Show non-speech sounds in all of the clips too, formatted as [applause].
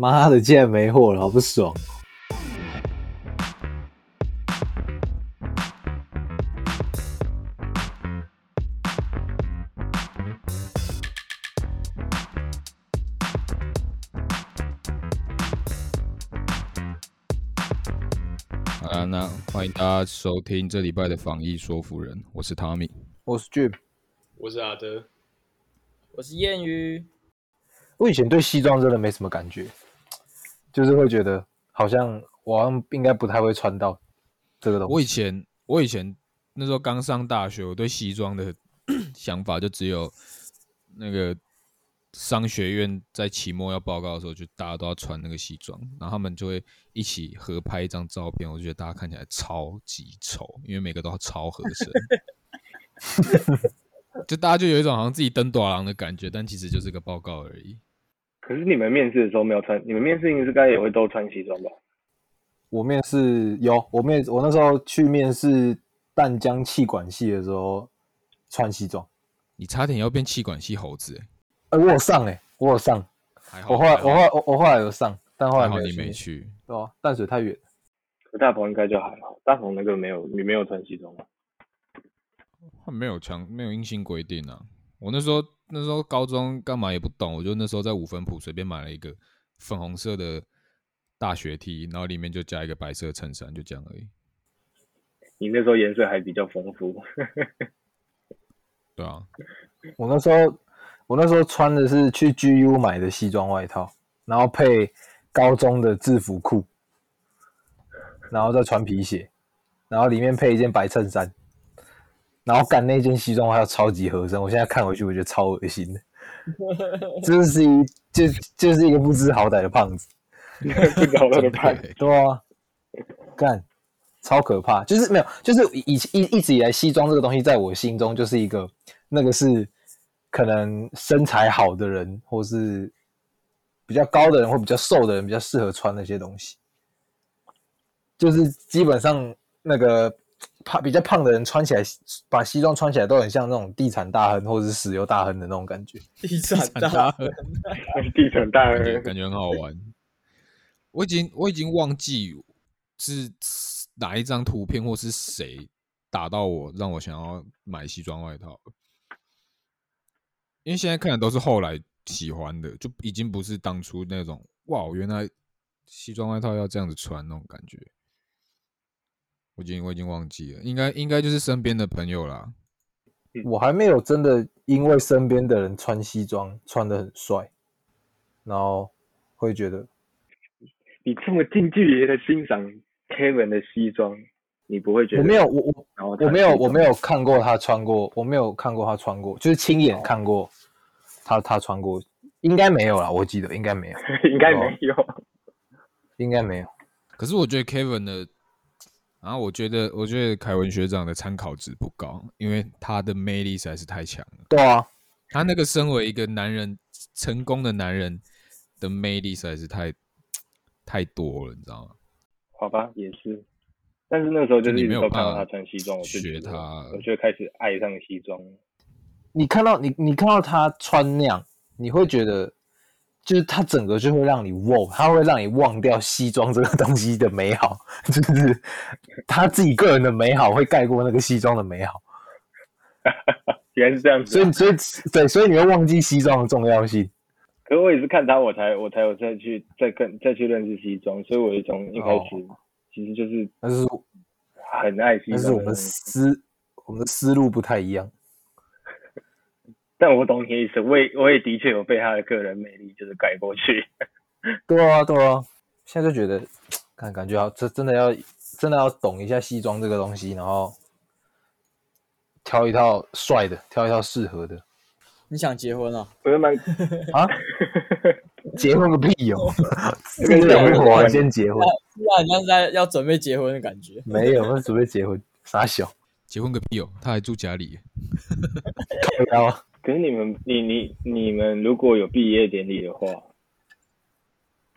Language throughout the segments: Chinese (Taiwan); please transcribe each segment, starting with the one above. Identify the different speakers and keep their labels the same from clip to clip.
Speaker 1: 媽的，竟然沒貨了，好不爽！
Speaker 2: 啊，那歡迎大家收聽這禮拜的防疫說服人，我是湯米，我是 Jim，
Speaker 3: 我是阿德，我是諺語。
Speaker 2: 我以前
Speaker 1: 對西裝真的沒什麼感覺。就是會覺得好像我好像應該不太
Speaker 2: 會穿到這個東西。我以前我以前那時候剛上大學，我對西裝的想法就只有那個商學院在期末要報告的時候，就大家都要穿那個西裝，然後他們就會一起合拍一張照片。我就覺得大家看起來超級醜，因為每個都超合身。 [laughs] [laughs] 就大家就有一種好像自己登大人的感覺，但其實就是個報告而已。
Speaker 4: 可是你們面試的時候沒有穿，你們面試應該也會都穿西裝吧？
Speaker 2: 我面試
Speaker 1: 有，我面我那時候去面試淡江企管系的時候
Speaker 2: 穿西裝。你差點要變企管系猴子！哎、啊，我有上哎、欸，我有上。還好。我後來我後來我後來有上，但
Speaker 4: 後來沒去。還好你沒
Speaker 1: 去。
Speaker 2: 對啊，淡水太遠。
Speaker 1: 可
Speaker 4: 大同應該就還好，大同那個沒有，你沒有穿西裝？
Speaker 2: 他沒有強，沒有硬性規定啊。我那時候。那時候高中幹嘛也不懂，我就那時候在五分鋪隨便買了一個粉紅色的大學 T，然後裡面就加一個白色襯衫，就這樣而已。
Speaker 4: 你那時候顏碎還比較豐富。
Speaker 2: [laughs] 對啊，
Speaker 1: 我那時候我那時候穿的是去 GU 買的西裝外套，然後配高中的制服褲，然後再穿皮鞋，然後裡面配一件白襯衫。然後趕那件西裝還要超級合身，我現在看回去我覺得超噁心的，
Speaker 4: [laughs] 真是一
Speaker 1: 就就是一個不知好歹的胖子， [laughs] 不知好歹的胖子，對,對啊，干，超可怕，就是沒有，就是以前一一直以來西裝這個東西在我心中就是一個那個是可能身材好的人或是比較高的人或比較瘦的人比較適合穿那些東西，就是基本上那個。怕比較胖的人穿起來，把西裝穿起來都很像那種地產大亨或者是石油大亨的那種感覺。
Speaker 4: 地產大亨，地
Speaker 1: 產大亨，大亨感覺很好玩。
Speaker 2: 對 我已經我已經忘記是哪一張圖片或是誰打到我，讓我想要買西裝外套。因為現在看的都是後來喜歡的，就已經不是當初那種，哇，我原來西裝外套要這樣子穿那種感覺。我已經我已經忘記了，應該應該就是身邊的朋友啦。
Speaker 1: 嗯、我還沒有真的因為身邊的人穿西裝穿得很帥，
Speaker 4: 然後會覺得你這麼近距離的欣賞 Kevin 的西裝，你不會覺得？我沒有，我我我沒有我沒有
Speaker 1: 看過他穿過，我沒有看過他穿過，就是親眼看過他、哦、他，他穿過，應該沒有啦，我記
Speaker 2: 得應該沒有，
Speaker 4: [laughs] 應該沒有，然
Speaker 2: 後 [laughs] 應該沒有。可是我覺得 Kevin 的。然後、啊、我覺得，我覺得凱文學長的參考值不高，因為他的魅力實在是太強了。對啊，他那個身為一個男人，成功的男人的魅力實在是太太多了，你知道嗎？好吧，也是。但
Speaker 4: 是那個時候就是你沒有看到他穿西裝，就我就覺得學他，我就開始愛上西裝。
Speaker 1: 你看到你你看到他穿那樣，你會覺得。就是他整個就會讓你忘，他會讓你忘掉西裝這個東西的美好，就是他自己個人的美好會蓋過那個西裝的美好，
Speaker 4: [laughs] 原來是這樣子、啊所，所以所
Speaker 1: 以對，所以你會忘記西裝的重要性。
Speaker 4: 可我也是看他，我才我才有再去再更再去認識西裝，所以我就從一開始、哦、其實就是但是很愛西裝，但是我們
Speaker 1: 思我們思路不太一樣。
Speaker 4: 但我懂你的意思，我也我也的確有被他的個人魅力就是蓋
Speaker 1: 過去。對啊，對啊，現在就覺得，感感覺要這真的要真的要懂一下西裝這個東西，然後挑一套帥的，挑一套適合的。
Speaker 3: 你想結婚啊？不是蠻啊？
Speaker 4: [laughs] 結婚個屁哦！先
Speaker 2: 結
Speaker 1: 婚，
Speaker 3: 希望你要是在要準備結婚的感覺。 [laughs] 沒
Speaker 2: 有，我準備結婚，傻小。結婚個屁哦！他還住家裡，
Speaker 4: 高啊 [laughs] [laughs] 可是你們，你你你們如果有畢業典禮的話，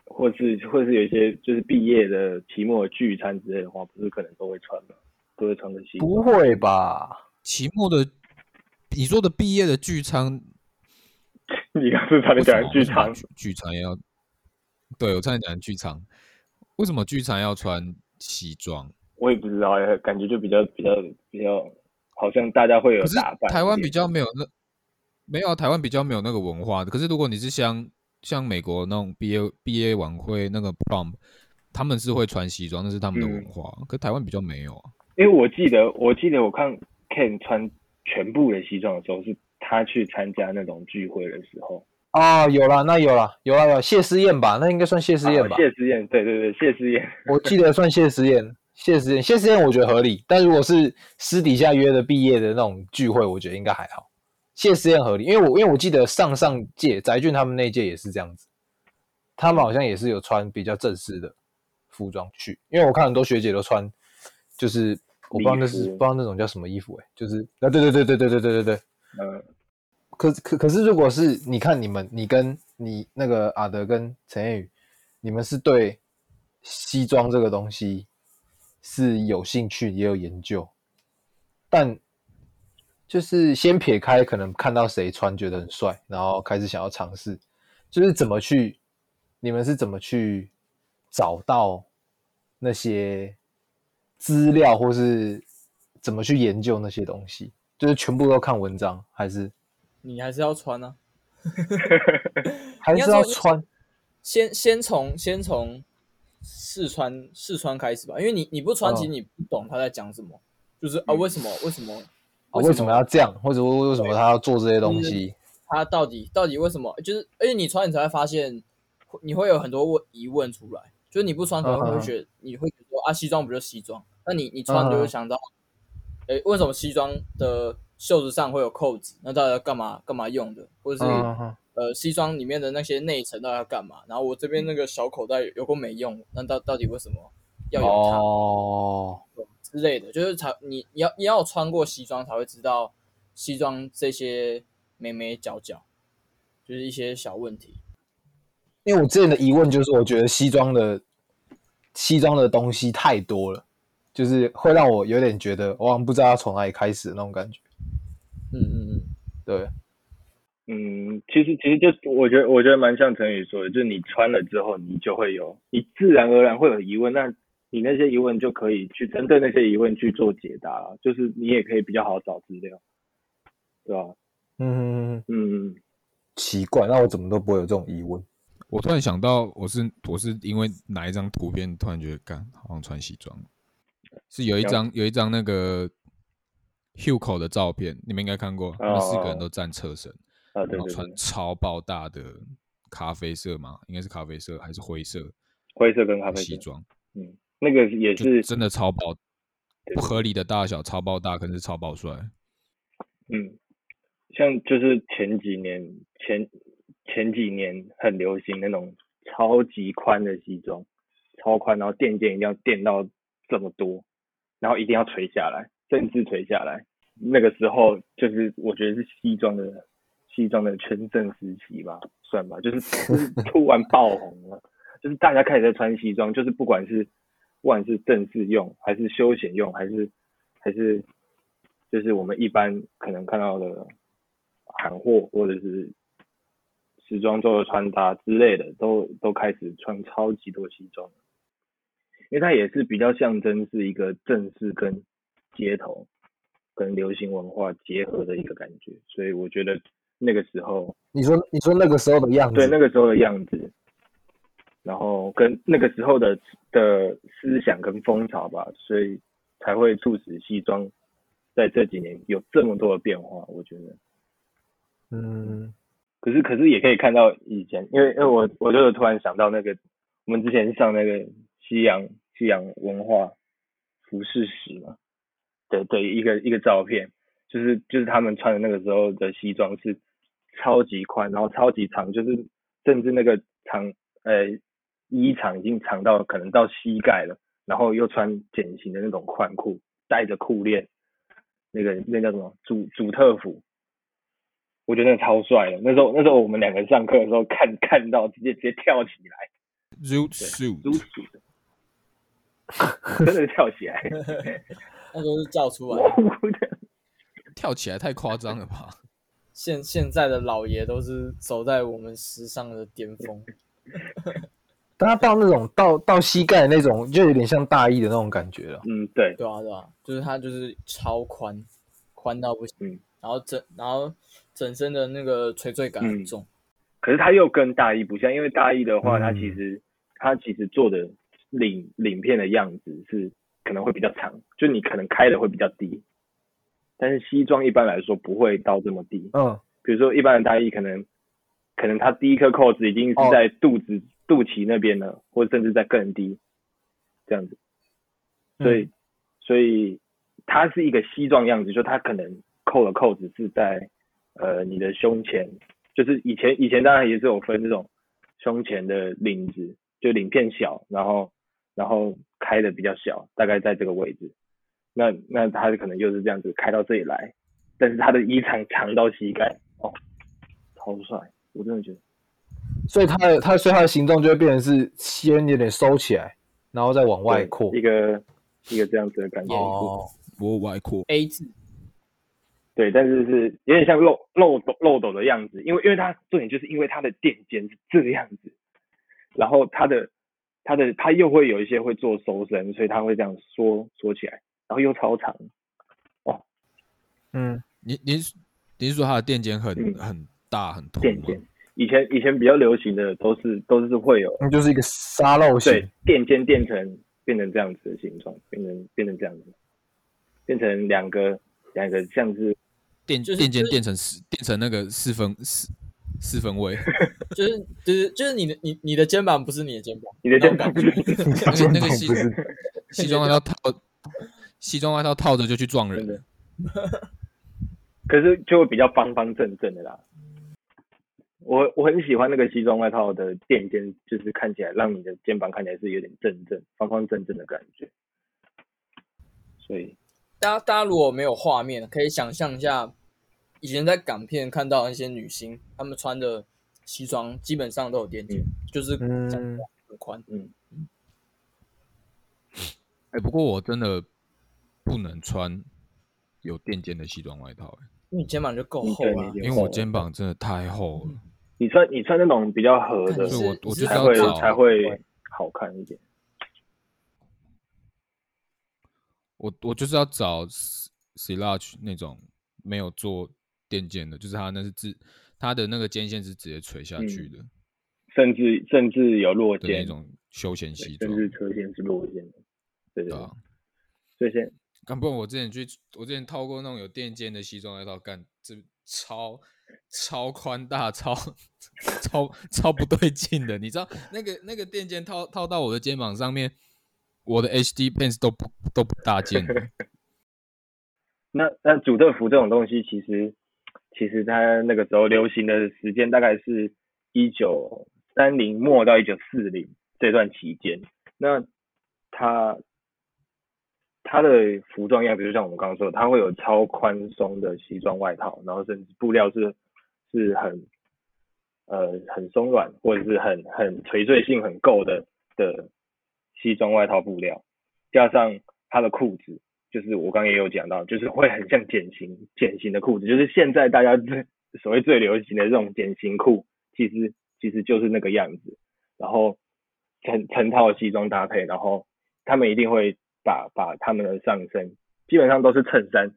Speaker 4: 或是或是有一些就是畢業的期末的聚餐之類的話，不是可能都會穿嗎？都會穿的西裝？不會吧？
Speaker 2: 期末的，你說的畢業的聚餐， [laughs] 你剛才差點講的聚餐，剛剛聚餐要，對，我差點講的，的聚餐，為什麼聚餐要穿西
Speaker 4: 裝？我也不知道，感覺就比較比較比較，好像大家會有打扮。是台灣比
Speaker 2: 較沒有那。沒有、啊，台灣比較沒有那個文化的。可是如果你是像像美國那種畢業畢業晚會那個 prom，他們是會穿西裝，那是他們的文化。嗯、可台灣比較沒有
Speaker 4: 啊。因為我記得，我記得我看 Ken 穿全部的西裝的時候，是他去參加那種聚會的時候。
Speaker 2: 哦、啊，有啦，那有啦，有啦，
Speaker 4: 有
Speaker 1: 啦，有啦謝師宴吧，那應該算謝師宴吧？啊、謝
Speaker 4: 師宴，對對對，謝師宴。
Speaker 1: 我記得算謝師宴， [laughs] 謝師宴，謝師宴，我覺得合理。但如果是私底下約的畢業的那種聚會，我覺得應該還好。確實也很合理，因為我因為我記得上上屆翟俊他們那屆也是這樣子，他們好像也是有穿比較正式的服裝去，因為我看很多學姐都穿，就是我不知道那是不知道那種叫什麼衣服，誒、欸，就是
Speaker 2: 啊對對對對對對
Speaker 1: 對對對，嗯、可可可是如果是你看你們你跟你那個阿德跟陳彥宇，你們是對西裝這個東西是有興趣也有研究，但。就是先撇開，可能看到誰穿覺得很帥，然後開始想要嘗試。就是怎麼去？你們是怎麼去找到那些資料，或是怎麼去研究那些東西？就是全部都看文章，還是
Speaker 3: 你還是要穿呢、啊？
Speaker 1: [laughs] 還是要穿？
Speaker 3: 先先從先從試穿試穿開始吧，因為你你不穿，其實你不懂他在講什麼。嗯、就是啊，為什麼為什麼？為什，為什
Speaker 1: 麼要這樣？或者為什麼他要做這些東西？
Speaker 3: 就是、他到底到底為什麼？就是而且你穿，你才會發現，你會有很多問疑問出來。就是你不穿可能你會覺得，你會說啊，西裝不就西裝？那你你穿就會想到，哎、嗯哼欸，為什麼西裝的袖子上會有扣子？那到底要幹嘛幹嘛用的？或者是、嗯、哼呃，西裝裡面的那些內層到底要幹嘛？然後我這邊那個小口袋有過沒用？那到到底為什麼要有它？哦之類的，就是才你你要你要穿過西裝才會知道西裝這些眉眉角角，就是一些小問題。
Speaker 1: 因為我之前的疑問就是，我覺得西裝的西裝的東西太多了，就是會讓我有點覺得，我好像不知道要從哪裡開始的那種感覺。嗯
Speaker 4: 嗯嗯，對。嗯，其實其實就我覺得我覺得蠻像陳宇說的，就是你穿了之後，你就會有你自然而然會有疑問，那。.你那些疑問就可以去針對那些疑問去做解答，就是你也可以比較好找資料，對吧？
Speaker 1: 嗯嗯嗯嗯，奇怪，那我怎麼都不會有這種疑問？
Speaker 2: 我突然想到，我是我是因為哪一張圖片突然覺得，幹，好像穿西裝，是有一張了解，有一張那個袖口的照片，你們應該看過，那、啊、四個人都站側身，啊、然後穿超爆大的咖啡色嗎？啊、對對對對，應該是咖啡色還是灰色？
Speaker 4: 灰色跟咖啡色西裝，嗯。那個
Speaker 2: 也是真的超爆，對不合理的大小超爆大，可能是超爆帥。嗯，
Speaker 4: 像就是前幾年前前幾年很流行那種超級寬的西裝，超寬，然後墊肩一定要墊到這麼多，然後一定要垂下來，甚至垂下來。那個時候就是我覺得是西裝的西裝的全盛時期吧，算吧，就是、 [laughs] 就是突然爆紅了，就是大家開始在穿西裝，就是不管是。不管是正式用還是休閒用，還是還是就是我們一般可能看到的韓貨或者是時裝周的穿搭之類的，都都開始穿超級多西裝，因為它也是比較象徵是一個正式跟街頭跟流行文化結合的一個感覺，所以我覺得那個時候，你說你說那個時候的樣子，對，那個時候的樣子。然後跟那個時候的的思想跟風潮吧，所以才會促使西裝在這幾年有這麼多的變化。我覺得，嗯，可是可是也可以看到以前，因為因為、呃、我我就突然想到那個我們之前上那個西洋西洋文化服飾史嘛，對對，一個一個照片，就是就是他們穿的那個時候的西裝是超級寬，然後超級長，就是甚至那個長誒。哎衣長已經長到可能到膝蓋了，然後又穿緊型的那種寬褲，帶着褲鏈，那個那個叫什麼？祖祖特服，我覺得那超帥的。那時候那時候我們兩個上課的時候看看到，直接直接跳起來。祖祖祖特，真的 [laughs] 跳
Speaker 3: 起來。那時候是照出來的，
Speaker 2: [laughs] 跳起來太誇張
Speaker 3: 了吧？ [laughs] 現現在的老爺都是走在我們時尚的巔峰。 [laughs]
Speaker 1: 但它到那種到到膝蓋的那種，就有點像大衣的那種感覺
Speaker 3: 了。嗯，對，對啊，對啊，就是它就是超寬，寬到不行。嗯。然後整然後整身的那個垂墜感很重。嗯。可是它又跟大衣不像，因為
Speaker 4: 大衣的話，它、嗯、其實它其實做的領領片的樣子是可能會比較長，就你可能開的會比較低。但是西裝一般來說不會到這麼低。嗯。比如說一般的大衣可能可能它第一顆扣子已經是在肚子。哦。肚臍那邊呢，或者甚至在更低，這樣子，
Speaker 3: 所以，嗯、
Speaker 4: 所以它是一個西裝樣子，就它可能扣了扣子是在呃你的胸前，就是以前以前當然也是有分這種胸前的領子，就領片小，然後然後開的比較小，大概在這個位置，那那它可能就是這樣子開到這裡來，但是它的衣長長到膝蓋，哦，超帥，我真的覺得。所以它的它
Speaker 1: 所以它的形狀就會變成是先有點收起來，然後再往外擴一個
Speaker 4: 一個這樣子的感覺
Speaker 3: 哦，往、oh, 外擴 A
Speaker 4: 字對，但是是有點像漏漏斗漏斗的樣子，因為因為它重點就是因為它的墊肩是這個樣子，然後它的它的它又會有一些會做收身，所以它會這樣縮縮起來，然後又超長哦，
Speaker 2: 嗯，你你你是說它的墊肩很、嗯、很
Speaker 4: 大很凸嗎？以前以前比較流行的都是都是會有，那就是
Speaker 3: 一個沙漏型，
Speaker 4: 對，墊肩墊成變成這樣子的形狀，變成變成這樣子，變成兩個兩個像是
Speaker 3: 墊墊
Speaker 2: 肩墊成四墊成那個四分四四分衛。
Speaker 3: [laughs] 就是就是就是你的你你的肩膀不是你的肩膀，你的肩膀就是 [laughs] 那個西不是 [laughs] 西裝外套套
Speaker 2: [laughs] 西裝外套套着就去撞人的，
Speaker 4: [laughs] 可是就會比較方方正正的啦。我我很喜歡那個西裝外套的墊肩，就是看起來讓你的肩膀看起來是有點正正方方正正的感覺。所
Speaker 3: 以，大家大家如果沒有畫面，可以想象一下，以前在港片看到那些女星，她們穿的西裝基本上都有墊肩，嗯、就是肩膀很寬。嗯。
Speaker 2: 哎、嗯欸，不過我真的不能穿有墊肩的西裝外套、欸，哎，因
Speaker 3: 為你肩膀就夠厚，、啊、厚了。因為我
Speaker 2: 肩膀真的太厚了。嗯你穿，你
Speaker 4: 穿那種比較
Speaker 2: 合的，所以我我就要找才會好看一點。嗯、我我就是要找 slush 那種沒有做墊肩的，就是它那是、個、自它的那個肩線是直接垂下去
Speaker 4: 的，嗯、甚至甚至有落肩的那種休閒西裝，甚至車線是落肩的。對對，對，
Speaker 2: 這些、啊。剛不然我之前去，我之前套過那種有墊肩的西裝外套，幹這超。超寬大，超超超不對勁的，你知道那個那個墊肩套套到我的肩膀上面，我的 H D pants 都不都不搭肩。
Speaker 4: [laughs] 那那祖特服這種東西，其實其實它那個時候流行的時間大概是一九三零末到一九四零這段期間。那它它的服裝樣，比如像我們剛剛說，它會有超寬鬆的西裝外套，然後甚至布料是。是很呃很鬆軟或者是很很垂墜性很夠的的西裝外套布料，加上他的褲子，就是我剛剛也有講到，就是會很像繭型繭型的褲子，就是現在大家最所謂最流行的這種繭型褲，其實其實就是那個樣子。然後成成套西裝搭配，然後他們一定會把把他們的上身基本上都是襯衫，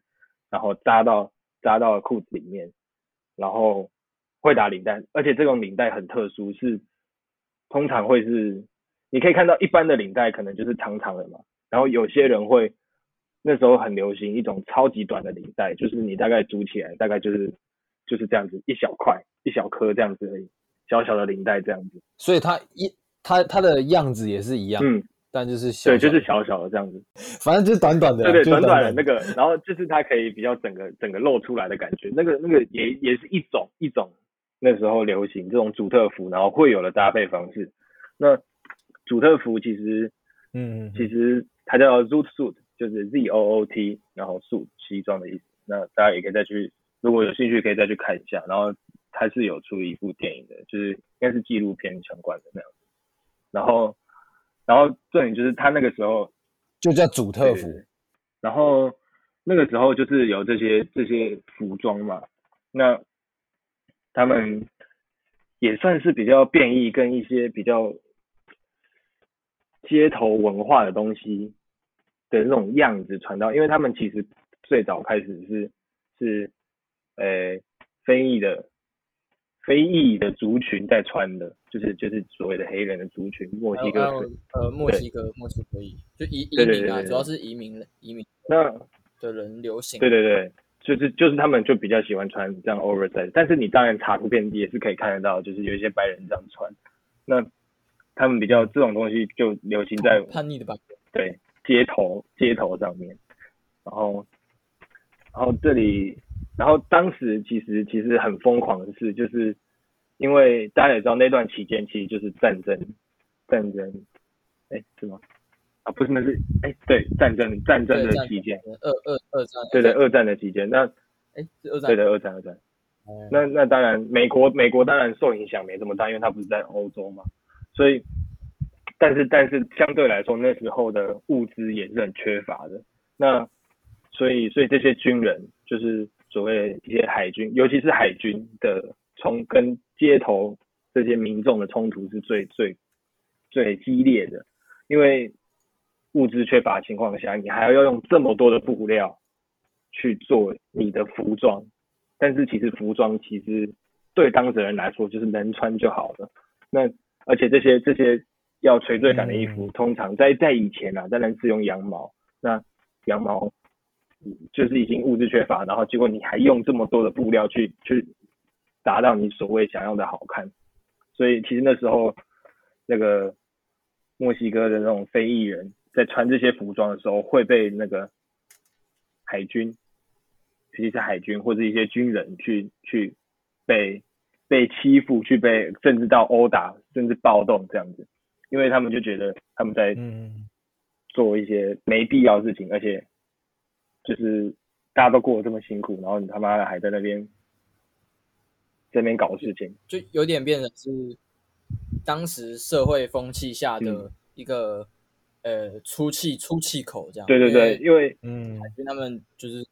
Speaker 4: 然後扎到扎到褲子裡面。然後會打領帶，而且這種領帶很特殊，是通常會是你可以看到一般的領帶可能就是長長的嘛，然後有些人會那時候很流行一種超級短的領帶，就是你大概組起來大概就是就是這樣子，一小塊一小顆這樣子而已，小小的領帶這樣子，所以它一它它的樣子也是一樣。嗯但就是小，小，對，就是小小的這樣子，
Speaker 1: 反正就是短短的，對對，短短的那個，然
Speaker 4: 後就是它可以比較整個整個露出來的感覺， [laughs] 那個那個也也是一種一種那時候流行這種主特服，然後會有的搭配方式。那主特服其實，嗯，其實它叫 Zoot Suit，就是 Z O O T，然後 suit 西裝的意思。那大家也可以再去，如果有興趣可以再去看一下。然後它是有出一部電影的，就是應該是紀錄片相關的那樣子。然後。然後重點就是他那個時候就叫祖特服，然後那個時候就是有這些這些服裝嘛，那他們也算是比較變異跟一些比較街頭文化的東西的那種樣子傳到，因為他們其實最早開始是是誒、呃、非裔的非裔的族群在穿的。就是就是所謂的黑人的族群，墨西哥，oh,
Speaker 3: oh, 呃，墨西哥對墨西哥裔就移對對對對，移民啊，主要是移民人移民那的人流行，啊，對對對，
Speaker 4: 就是就是他們就比較喜歡穿這樣 oversize，但是你當然查圖片也是可以看得到，就是有一些白人這樣穿，那他們比較這種東西就流行在叛逆的吧，對，街頭街頭上面，然後然後這裡然後當時其實其實很瘋狂的事就是。因為大家也知道那段期間其實就是戰爭，戰爭，哎，是嗎？啊，不是，那是哎，對，戰爭戰爭的期間，
Speaker 3: 二二二戰，對對，二
Speaker 4: 戰的期間，那哎，是二
Speaker 3: 戰，對的，二
Speaker 4: 戰二戰，那那當然，美國美國當然受影響沒這麼大，因為它不是在歐洲嘛，所以，但是但是相對來說那時候的物資也是很缺乏的，那所以所以這些軍人就是所謂一些海軍，尤其是海軍的從跟街頭這些民眾的衝突是最最最激烈的，因為物質缺乏情況下，你還要用這麼多的布料去做你的服裝，但是其實服裝其實對當事人來說就是能穿就好了。那而且這些這些要垂墜感的衣服，通常在在以前啊，當然是用羊毛。那羊毛就是已經物質缺乏，然後結果你還用這麼多的布料去去。達到你所謂想要的好看，所以其實那時候，那個墨西哥的那種非裔人在穿這些服裝的時候，會被那個海軍，尤其是海軍或者一些軍人去去被被欺負，去被甚至到毆打，甚至暴動這樣子，因為他們就覺得他們在嗯做一些沒必要的事情，嗯、而且就是大家都過得這麼辛苦，然後你他媽的還在那邊。這邊搞事情，
Speaker 3: 就有點變成是當時社會風氣下的一個、嗯、呃出氣出氣口這樣。對對對，因為，因為嗯，海他們就是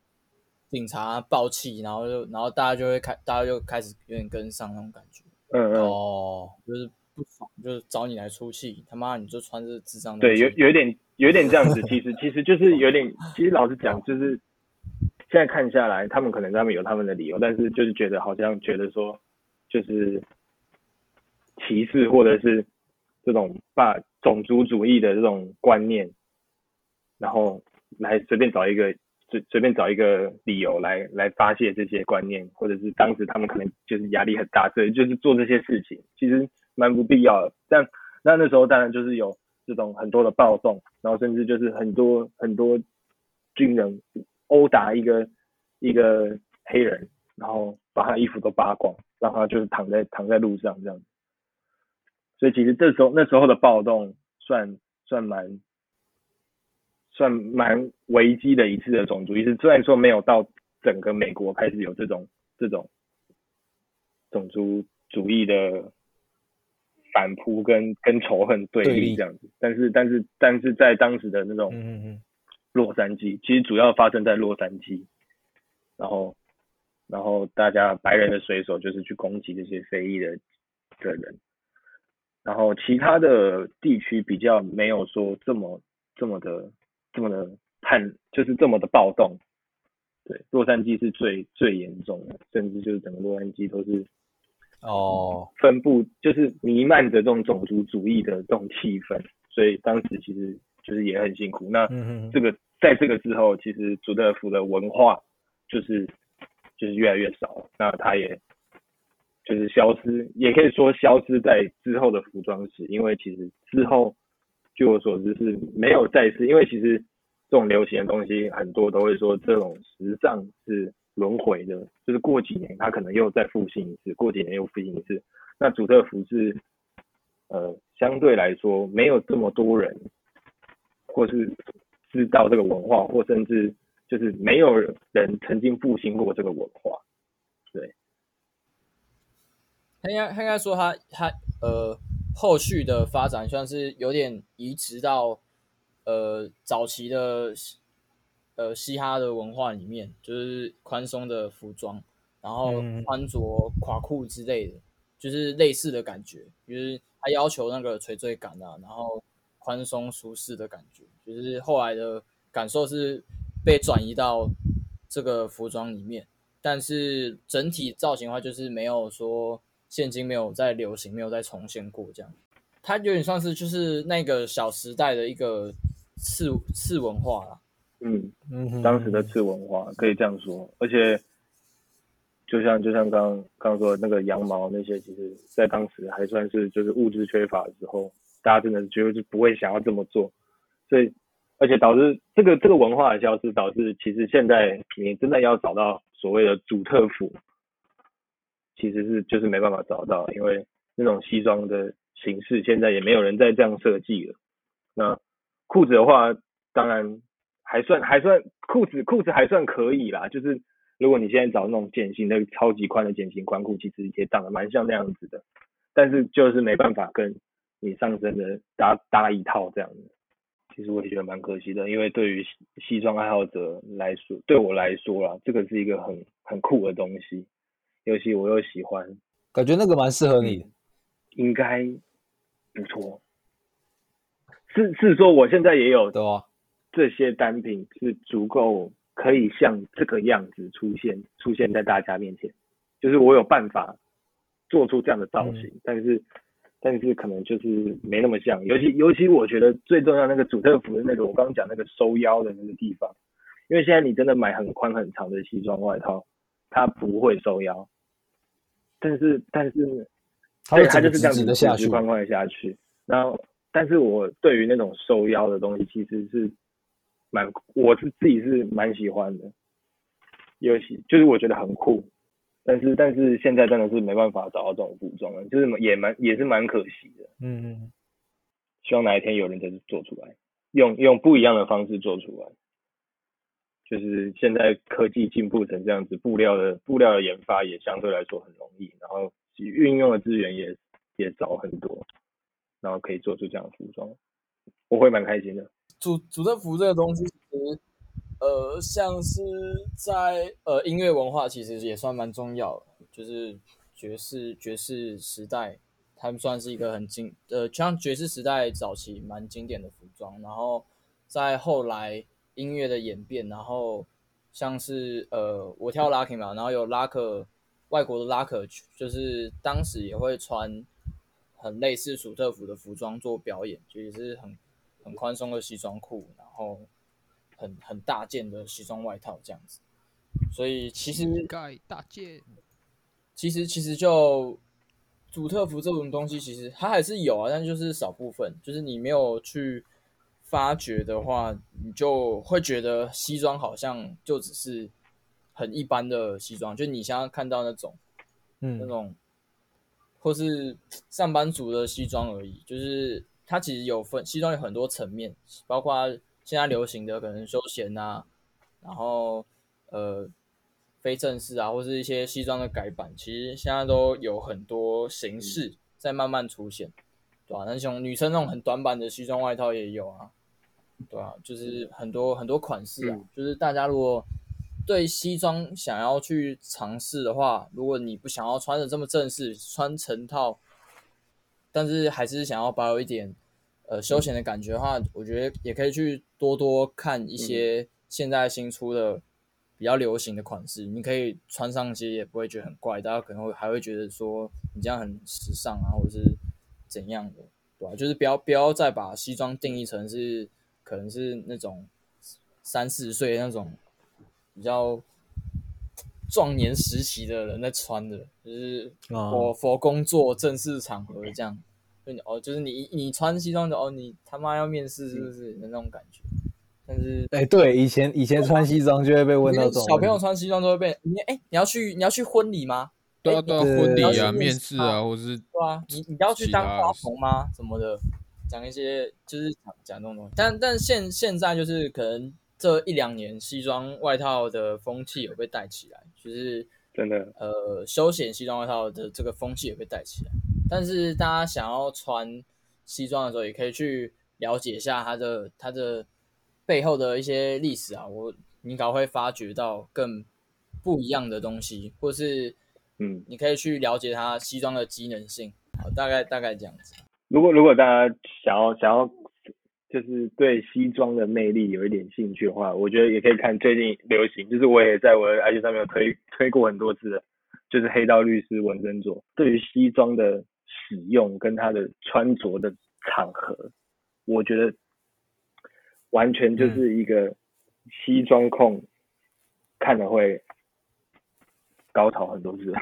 Speaker 3: 警察爆氣，然後就然後大家就會開，大家就開始有點跟上那種感覺。嗯嗯哦，就是不爽，就是找你來出氣，他媽你就穿着智商。對，有有一點
Speaker 4: 有一點這樣子， [laughs] 其實其實就是有點，其實老實講 [laughs] 就是。現在看下來，他們可能他們有他們的理由，但是就是覺得好像覺得說就是歧視或者是這種把種族主義的這種觀念，然後來隨便找一個隨隨便找一個理由來來發洩這些觀念，或者是當時他們可能就是壓力很大，所以就是做這些事情，其實蠻不必要的。但那那時候當然就是有這種很多的暴動，然後甚至就是很多很多軍人，毆打一個一個黑人，然後把他衣服都扒光，讓他就是躺在躺在路上這樣。所以其實這時候，那時候的暴動算算蠻算蠻危機的一次的種族意識，也是雖然說沒有到整個美國開始有這種這種種族主義的反撲跟跟仇恨對立這樣子，對但是但是但是在當時的那種。洛杉磯其實主要發生在洛杉磯，然後，然後大家白人的水手就是去攻擊這些非裔的的人，然後其他的地區比較沒有說這麼這麼的這麼的叛，就是這麼的暴動，對，洛杉磯是最最嚴重的，甚至就是整個洛杉磯都是哦分布，oh. 就是彌漫着這種種族主義的這種氣氛，所以當時其實。就是也很辛苦。那嗯這個在這個之後，其實祖特服的文化就是就是越來越少，那它也就是消失，也可以說消失在之後的服裝史。因為其實之後據我所知是沒有再次，因為其實這種流行的東西很多都會說這種時尚是輪回的，就是過幾年它可能又再復興一次，過幾年又復興一次。那祖特服是呃相對來說沒有這麼多人。或是知道這個文化，或甚至就是沒有人曾經復興過這個文化，
Speaker 3: 對。他應該他應該說他他呃後續的發展算是有點移植到呃早期的呃嘻哈的文化裡面，就是寬鬆的服裝，然後穿着垮褲之類的，嗯、就是類似的感覺，就是他要求那個垂墜感啊，然後。寬鬆舒適的感覺，就是後來的感受是被轉移到這個服裝裡面，但是整體造型的話，就是沒有說現今沒有再流行，沒有再重現過這樣。它有點像是就是那個小時代的一個次次文化啦。嗯嗯，嗯
Speaker 4: 哼，當時的次文化可以這樣說。而且就像就像剛剛剛說的那個羊毛那些，其實在當時還算是就是物質缺乏之後。大家真的就是就不會想要這麼做，所以而且導致這個這個文化的消失，導致其實現在你真的要找到所謂的主特服，其實是就是沒辦法找到，因為那種西裝的形式現在也沒有人在這樣設計了。那褲子的話，當然還算還算褲子褲子還算可以啦，就是如果你現在找那種剪型的超級寬的剪型寬褲，其實也長得蠻像那樣子的，但是就是沒辦法跟。你上身的搭搭一套這樣子，其實我也覺得蠻可惜的，因為對於西裝愛好者來說，對我來說啦，這個是一個很很酷的東西，尤其我又喜歡，感覺那個蠻適合你，嗯、應該不錯，是是說我現在也有的哦，這些單品是足夠可以像這個樣子出現出現在大家面前，就是我有辦法做出這樣的造型，嗯、但是。但是可能就是沒那麼像，尤其尤其我覺得最重要那個主特服的那個，我剛剛講那個收腰的那個地方，因為現在你真的買很寬很長的西裝外套，它不會收腰。但是但是，對，它就是這樣子下去，寬寬下去。然後，但是我對於那種收腰的東西其實是蠻，我是自己是蠻喜歡的，尤其就是我覺得很酷。但是但是現在真的是沒辦法找到這種服裝了，就是也蠻也是蠻可惜的。嗯嗯。希望哪一天有人再做出來，用用不一樣的方式做出來。就是現在科技進步成這樣子，布料的布料的研發也相對來說很容易，然後運用的資源也也少很多，然後可以做出這樣的服裝，我會蠻開心的。
Speaker 3: 主主制服這個東西。呃，像是在呃音樂文化其實也算蠻重要的，就是爵士爵士時代，他們算是一個很經呃，像爵士時代早期蠻經典的服裝，然後在後來音樂的演變，然後像是呃我跳拉 y 嘛，然後有拉克、er, 外國的拉克，就是當時也會穿很類似束特服的服裝做表演，就也是很很寬鬆的西裝褲，然後。很很大件的西裝外套這樣子，所以其實大件，其實其實就主特服這種東西，其實它還是有啊，但就是少部分，就是你沒有去發掘的話，你就會覺得西裝好像就只是很一般的西裝，就你想要看到那種，那種或是上班族的西裝而已，就是它其實有分西裝有很多層面，包括，現在流行的可能休閒啊，然後呃非正式啊，或是一些西裝的改版，其實現在都有很多形式在慢慢出現，嗯、對吧、啊？男生女生那種很短版的西裝外套也有啊，對啊，就是很多、嗯、很多款式啊。嗯、就是大家如果對西裝想要去嘗試的話，如果你不想要穿的這麼正式，穿成套，但是還是想要保有一點。呃，休閒的感覺的話，嗯、我覺得也可以去多多看一些現在新出的比較流行的款式，嗯、你可以穿上一些也不會覺得很怪，大家可能還會覺得說你這樣很時尚啊，或者是怎樣的，對吧、啊？就是不要不要再把西裝定義成是可能是那種三四十歲那種比較壯年時期的人在穿的，就是我 for 工作正式場合這樣。嗯 okay. 就你哦，就是你你穿西裝的哦，你他媽要面試是不是、嗯、那種感覺？但是哎，對，欸、
Speaker 1: 對，以前以前穿西裝就會被問那種。小朋友
Speaker 3: 穿西裝都會被你哎、欸，你要去你要去婚禮嗎？欸、對啊，對啊麼，婚禮啊，面試啊，或是對啊，你你要去當花童嗎？什麼的，講一些就是講講那種東西。但但現現在就是可能這一兩年西裝外套的風氣有被帶起來，就是。真的，呃，休閒西裝外套的這個風氣也會帶起來。但是大家想要穿西裝的時候，也可以去了解一下它的它的背後的一些歷史啊，我你可能會發掘到更不一樣的東西，或是嗯，你可以去了解它西裝的機能性。好，大概大概這樣子。
Speaker 4: 如果如果大家想要想要就是對西裝的魅力有一點興趣的話，我覺得也可以看最近流行，就是我也在我的 IG 上面有推。推過很多次的，就是《黑道律師》文森佐，對於西裝的使用跟他的穿着的場合，我覺得完全就是一個西裝控，嗯、看了會高潮很多次。 [laughs]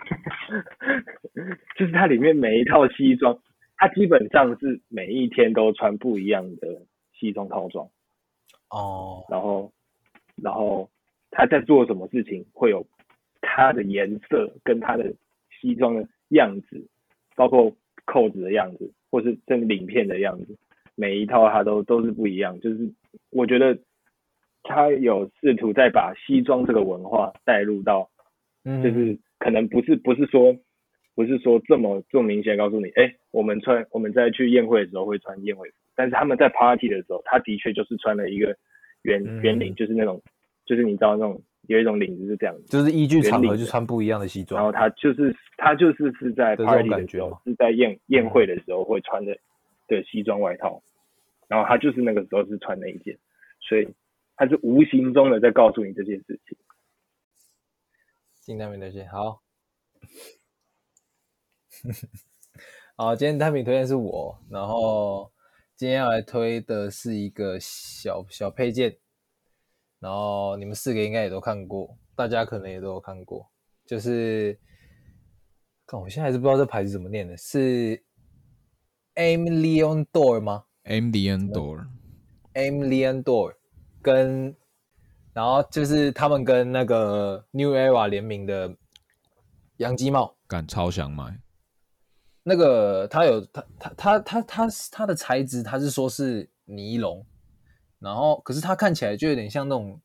Speaker 4: 就是他裡面每一套西裝，他基本上是每一天都穿不一樣的西裝套裝。哦。然後，然後他在做什麼事情會有。它的顏色跟它的西裝的樣子，包括扣子的樣子，或是這個領片的樣子，每一套它都都是不一樣。就是我覺得他有試圖在把西裝這個文化帶入到，就是、嗯、可能不是不是說不是說這麼這麼明顯告訴你，哎、欸，我們穿我們在去宴會的時候會穿宴會服，但是他們在 party 的時候，他的確就是穿了一個圓圓、嗯、領，就是那種就是你知道那種。有一種領子是這樣，就是依據場合去穿
Speaker 1: 不一樣的西裝。然後他
Speaker 4: 就是他就是是在 party 的感覺，是在宴宴會的時候會穿的、嗯、對，西裝外套。然後他就是那個時候是穿那一件，所以他是無形中的在告訴你這件事情。
Speaker 1: 金單品推薦，好， [laughs] 好，今天單品推薦是我。然後今天要來推的是一個小小配件。然後你們四個應該也都看過，大家可能也都有看過。就是，看我現在還是不知道這牌子怎麼念的，是 Aimé Leon Dore 嗎？Aimé Leon Dore，Aimé Leon Dore，跟，然後就是他們跟那個 New Era 聯名的洋
Speaker 2: 基帽，幹，超想買。
Speaker 1: 那個他有他他他他他，他，他，他的材質，他是說是尼龍。然後，可是它看起來就有點像那種，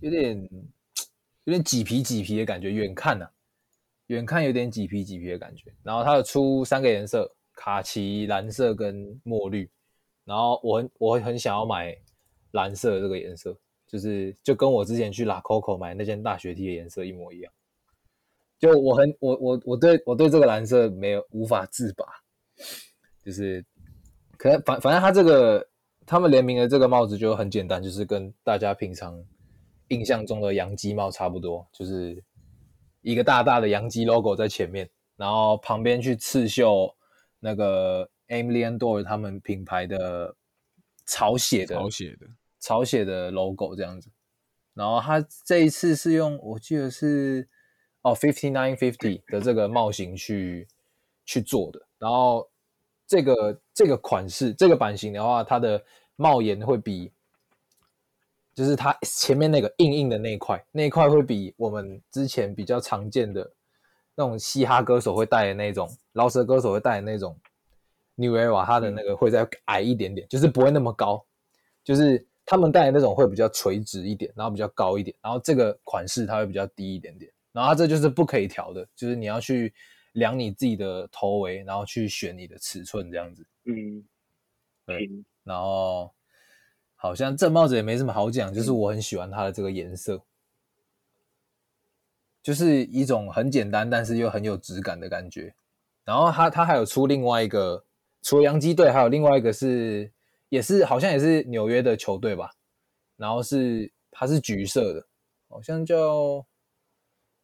Speaker 1: 有點有點麂皮麂皮的感覺，遠看吶、啊，遠看有點麂皮麂皮的感覺。然後它有出三個顏色：卡其、藍色跟墨綠。然後我很我很想要買藍色的這個顏色，就是就跟我之前去拉 Coco 買那件大學 T 的顏色一模一樣。就我很我我我對我對這個藍色沒有，無法自拔，就是可能反反正它這個。他們聯名的這個帽子就很簡單，就是跟大家平常印象中的洋基帽差不多，就是一個大大的洋基 logo 在前面，然後旁邊去刺繡那個 Aimé Leon Dore 他們品牌的草寫的草寫的草寫的 logo 這樣子。然後他這一次是用，我記得是哦，fifty nine fifty 的這個帽型去 [laughs] 去做的，然後。這個這個款式這個版型的話，它的帽檐會比，就是它前面那個硬硬的那一塊那一塊會比我們之前比較常見的那種嘻哈歌手會戴的那種饒舌歌手會戴的那種 New Era 的那個會再矮一點點，嗯、就是不會那麼高，就是他們戴的那種會比較垂直一點，然後比較高一點，然後這個款式它會比較低一點點，然後它這就是不可以調的，就是你要去。量你自己的頭圍，然後去選你的尺寸，這樣子。嗯，對。然後好像這帽子也沒什麼好講，嗯、就是我很喜歡它的這個顏色，就是一種很簡單，但是又很有質感的感覺。然後它它還有出另外一個，除了洋基隊，還有另外一個是，也是好像也是紐約的球隊吧。然後是它是橘色的，好像叫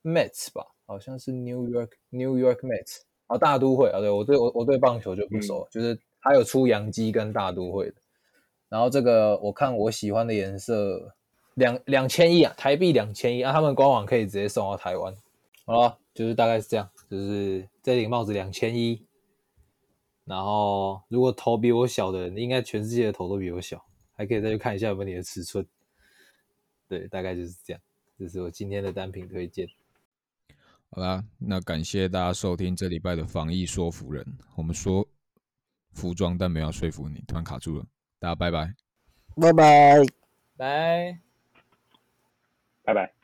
Speaker 1: Mets 吧。好像是 New York New York Mets 好，大都會啊，對我對我我對棒球就不熟。嗯、就是它有出洋基跟大都會的。然後這個我看我喜歡的顏色，兩兩千一啊，台幣兩千一啊，他們官網可以直接送到台灣。好了，就是大概是這樣，就是這頂帽子兩千一，然後如果頭比我小的人，應該全世界的頭都比我小，還可以再去看一下有沒有你的尺寸。對，大概就是這樣，這、就是我今天的單品推薦。
Speaker 2: 好啦，那感謝大家收聽這禮拜的防疫說服人。我們說服裝，但沒有說服你，突然卡住了。大家拜拜，
Speaker 3: 拜拜，拜拜拜拜。